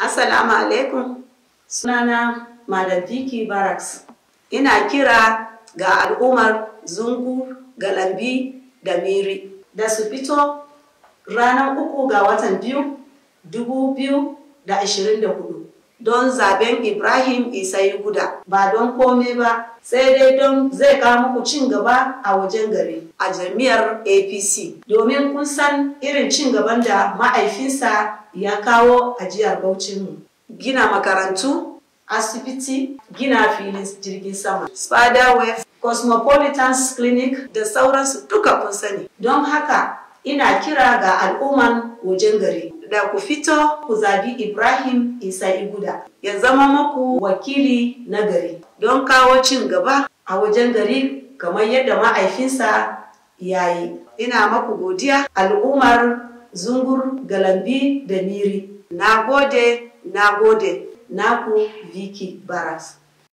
Assalamu alaikum. Sunana Malam baraks Barracks. Ina kira ga al'ummar Zungu, Galambi da Miri da su fito ranar uku ga watan biyu, dubu biyu da ashirin da hudu. don zaben Ibrahim Isa yi guda ba don kome ba sai dai don zai kawo muku cin gaba a wajen gari a jami'ar APC domin kun san irin cin gaban da ma'aifinsa ya kawo a jihar Bauchinmu. Gina makarantu, asibiti, gina filin jirgin sama. web Cosmopolitan Clinic da sauransu duka kun sani. Don haka ina kira ga al'umman wajen gari da ku fito ku zabi Ibrahim Isa Iguda ya zama maku wakili na gari don kawo cin gaba a wajen gari kamar yadda ma'aifinsa ya Ina maku godiya al'ummar zungur galambi da miri. Na gode, na gode, naku Viki Baras.